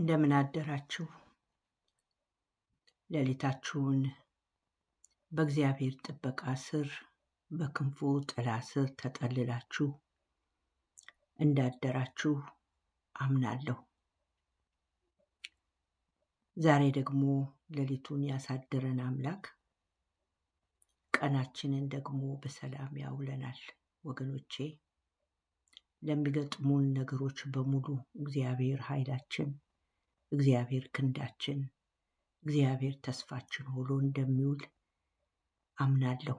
እንደምን አደራችሁ። ሌሊታችሁን በእግዚአብሔር ጥበቃ ስር በክንፉ ጥላ ስር ተጠልላችሁ እንዳደራችሁ አምናለሁ። ዛሬ ደግሞ ሌሊቱን ያሳደረን አምላክ ቀናችንን ደግሞ በሰላም ያውለናል። ወገኖቼ ለሚገጥሙን ነገሮች በሙሉ እግዚአብሔር ኃይላችን እግዚአብሔር ክንዳችን፣ እግዚአብሔር ተስፋችን ሆኖ እንደሚውል አምናለሁ።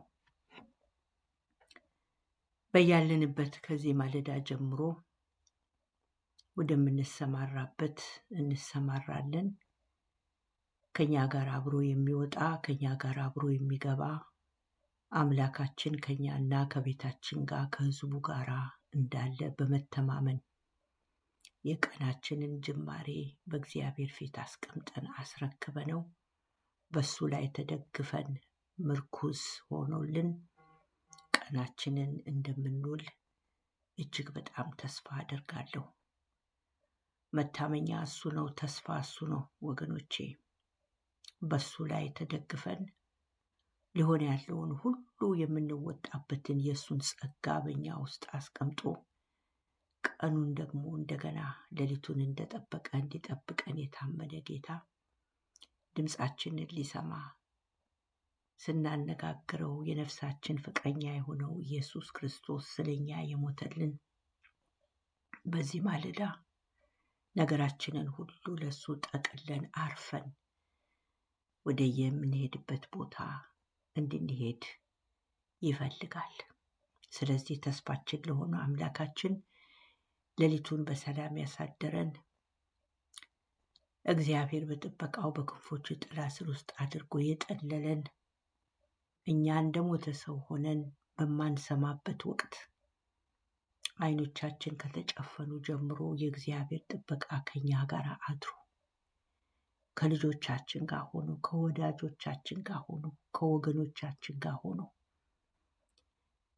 በያለንበት ከዚህ ማለዳ ጀምሮ ወደምንሰማራበት እንሰማራለን። ከኛ ጋር አብሮ የሚወጣ ከኛ ጋር አብሮ የሚገባ አምላካችን ከኛና ከቤታችን ጋር ከሕዝቡ ጋር እንዳለ በመተማመን የቀናችንን ጅማሬ በእግዚአብሔር ፊት አስቀምጠን ነው በሱ ላይ ተደግፈን ምርኩዝ ሆኖልን ቀናችንን እንደምንውል እጅግ በጣም ተስፋ አደርጋለሁ። መታመኛ እሱ ነው፣ ተስፋ እሱ ነው ወገኖቼ። በሱ ላይ ተደግፈን ሊሆን ያለውን ሁሉ የምንወጣበትን የእሱን ጸጋ በኛ ውስጥ አስቀምጦ ቀኑን ደግሞ እንደገና ሌሊቱን እንደጠበቀ እንዲጠብቀን የታመነ ጌታ ድምፃችንን ሊሰማ ስናነጋግረው የነፍሳችን ፍቅረኛ የሆነው ኢየሱስ ክርስቶስ ስለኛ የሞተልን በዚህ ማለዳ ነገራችንን ሁሉ ለሱ ጠቅለን አርፈን ወደ የምንሄድበት ቦታ እንድንሄድ ይፈልጋል። ስለዚህ ተስፋችን ለሆነ አምላካችን ሌሊቱን በሰላም ያሳደረን እግዚአብሔር በጥበቃው በክንፎቹ ጥላ ስር ውስጥ አድርጎ የጠለለን እኛ እንደ ሞተ ሰው ሆነን በማንሰማበት ወቅት አይኖቻችን ከተጨፈኑ ጀምሮ የእግዚአብሔር ጥበቃ ከኛ ጋር አድሮ ከልጆቻችን ጋር ሆኖ ከወዳጆቻችን ጋር ሆኖ ከወገኖቻችን ጋር ሆኖ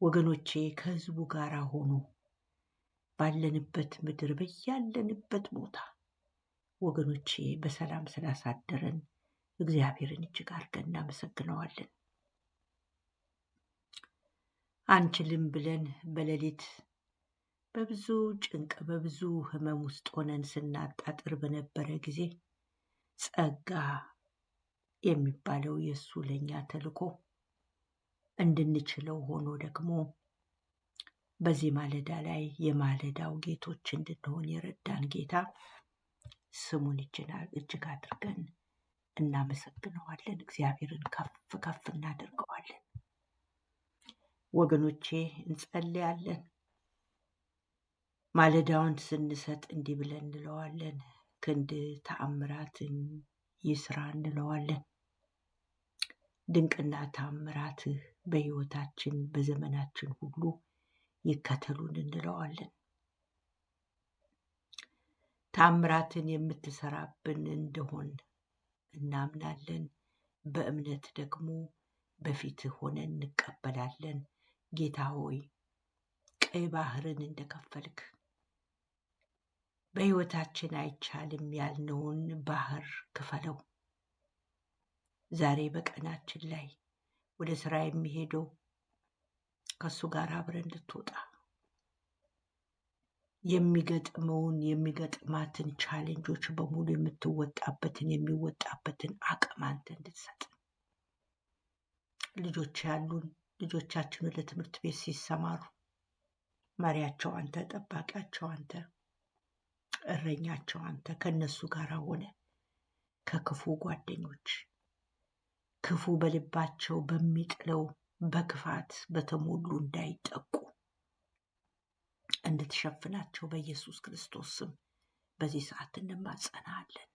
ወገኖቼ ከህዝቡ ጋር ሆኖ ባለንበት ምድር በያለንበት ቦታ ወገኖቼ በሰላም ስላሳደረን እግዚአብሔርን እጅግ አድርገን እናመሰግነዋለን። አንችልም ብለን በሌሊት በብዙ ጭንቅ በብዙ ሕመም ውስጥ ሆነን ስናጣጥር በነበረ ጊዜ ጸጋ የሚባለው የእሱ ለእኛ ተልኮ እንድንችለው ሆኖ ደግሞ በዚህ ማለዳ ላይ የማለዳው ጌቶች እንድንሆን የረዳን ጌታ ስሙን እጅግ አድርገን እናመሰግነዋለን። እግዚአብሔርን ከፍ ከፍ እናደርገዋለን። ወገኖቼ እንጸልያለን። ማለዳውን ስንሰጥ እንዲህ ብለን እንለዋለን፣ ክንድ ተአምራትን ይስራ እንለዋለን። ድንቅና ተአምራትህ በሕይወታችን በዘመናችን ሁሉ ይከተሉን እንለዋለን። ታምራትን የምትሰራብን እንደሆን እናምናለን። በእምነት ደግሞ በፊት ሆነን እንቀበላለን። ጌታ ሆይ ቀይ ባህርን እንደከፈልክ በሕይወታችን አይቻልም ያልነውን ባህር ክፈለው። ዛሬ በቀናችን ላይ ወደ ሥራ የሚሄደው ከእሱ ጋር አብረ እንድትወጣ የሚገጥመውን የሚገጥማትን ቻሌንጆች በሙሉ የምትወጣበትን የሚወጣበትን አቅም አንተ እንድትሰጥ ልጆች ያሉን ልጆቻችን ወደ ትምህርት ቤት ሲሰማሩ መሪያቸው አንተ፣ ጠባቂያቸው አንተ፣ እረኛቸው አንተ ከነሱ ጋር ሆነ ከክፉ ጓደኞች ክፉ በልባቸው በሚጥለው በክፋት በተሞሉ እንዳይጠቁ እንድትሸፍናቸው በኢየሱስ ክርስቶስ ስም በዚህ ሰዓት እንማጸናለን።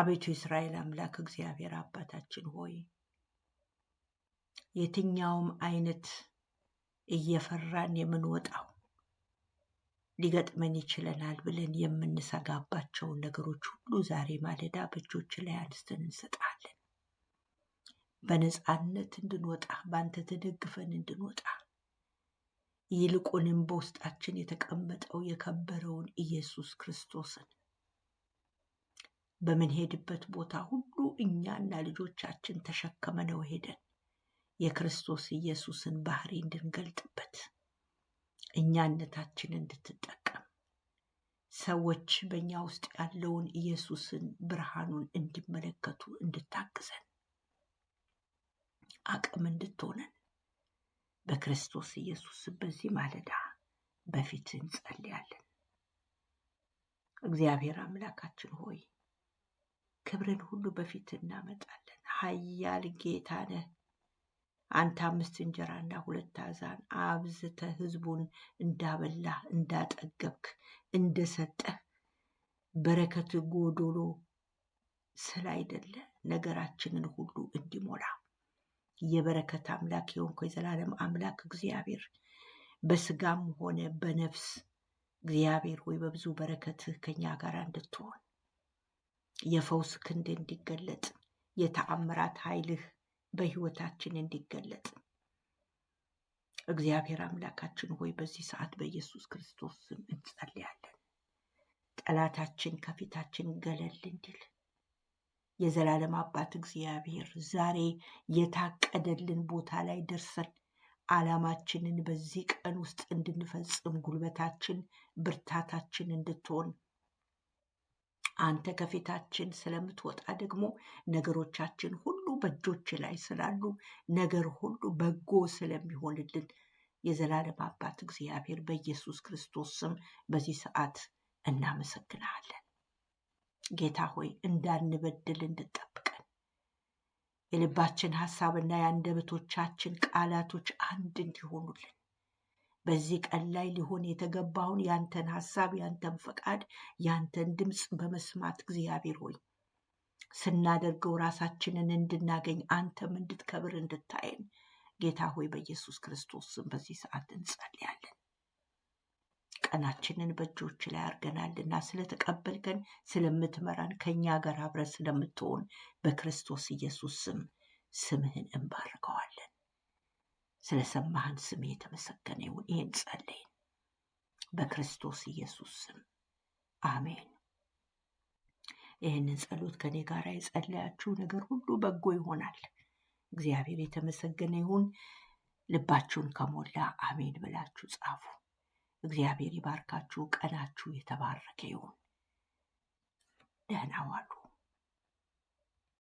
አቤቱ የእስራኤል አምላክ እግዚአብሔር አባታችን ሆይ የትኛውም አይነት እየፈራን የምንወጣው ሊገጥመን ይችለናል ብለን የምንሰጋባቸውን ነገሮች ሁሉ ዛሬ ማለዳ በእጆች ላይ አንስተን እንሰጣለን። በነፃነት እንድንወጣ በአንተ ተደግፈን እንድንወጣ ይልቁንም በውስጣችን የተቀመጠው የከበረውን ኢየሱስ ክርስቶስን በምንሄድበት ቦታ ሁሉ እኛና ልጆቻችን ተሸከመነው ሄደን የክርስቶስ ኢየሱስን ባህሪ እንድንገልጥበት እኛነታችን እንድትጠቀም ሰዎች በእኛ ውስጥ ያለውን ኢየሱስን ብርሃኑን እንዲመለከቱ እንድታግዘን አቅም እንድትሆነን በክርስቶስ ኢየሱስ በዚህ ማለዳ በፊት እንጸልያለን። እግዚአብሔር አምላካችን ሆይ ክብርን ሁሉ በፊት እናመጣለን። ኃያል ጌታ ነህ። አንተ አምስት እንጀራና ሁለት አዛን አብዝተ ህዝቡን እንዳበላህ እንዳጠገብክ እንደሰጠህ በረከት ጎዶሎ ስላይደለ ነገራችንን ሁሉ እንዲሞላ የበረከት አምላክ የሆንከው የዘላለም አምላክ እግዚአብሔር በስጋም ሆነ በነፍስ እግዚአብሔር ሆይ በብዙ በረከትህ ከኛ ጋር እንድትሆን የፈውስ ክንድ እንዲገለጥ የተአምራት ኃይልህ በህይወታችን እንዲገለጥ እግዚአብሔር አምላካችን ሆይ በዚህ ሰዓት በኢየሱስ ክርስቶስ ስም እንጸልያለን። ጠላታችን ከፊታችን ገለል እንዲል የዘላለም አባት እግዚአብሔር ዛሬ የታቀደልን ቦታ ላይ ደርሰን ዓላማችንን በዚህ ቀን ውስጥ እንድንፈጽም ጉልበታችን፣ ብርታታችን እንድትሆን አንተ ከፊታችን ስለምትወጣ ደግሞ ነገሮቻችን ሁሉ በእጆች ላይ ስላሉ ነገር ሁሉ በጎ ስለሚሆንልን የዘላለም አባት እግዚአብሔር በኢየሱስ ክርስቶስ ስም በዚህ ሰዓት እናመሰግናለን። ጌታ ሆይ እንዳንበድል እንድጠብቀን የልባችን ሐሳብና የአንደበቶቻችን ቃላቶች አንድ እንዲሆኑልን በዚህ ቀን ላይ ሊሆን የተገባውን ያንተን ሐሳብ ያንተን ፈቃድ ያንተን ድምፅ በመስማት እግዚአብሔር ሆይ ስናደርገው ራሳችንን እንድናገኝ አንተም እንድትከብር እንድታየን ጌታ ሆይ በኢየሱስ ክርስቶስ ስም በዚህ ሰዓት እንጸልያለን። ቀናችንን በእጆች ላይ እና ስለተቀበልከን ስለምትመራን ከእኛ ጋር አብረን ስለምትሆን በክርስቶስ ኢየሱስ ስም ስምህን እንባርከዋለን። ስለሰማህን ስም የተመሰገነ ይሁን። ይህን ጸለይን በክርስቶስ ኢየሱስ ስም አሜን። ይህንን ጸሎት ከኔ ጋር የጸለያችሁ ነገር ሁሉ በጎ ይሆናል። እግዚአብሔር የተመሰገነ ይሁን። ልባችሁን ከሞላ አሜን ብላችሁ ጻፉ። እግዚአብሔር ይባርካችሁ። ቀናችሁ የተባረከ ይሁን። ደህና ዋሉ።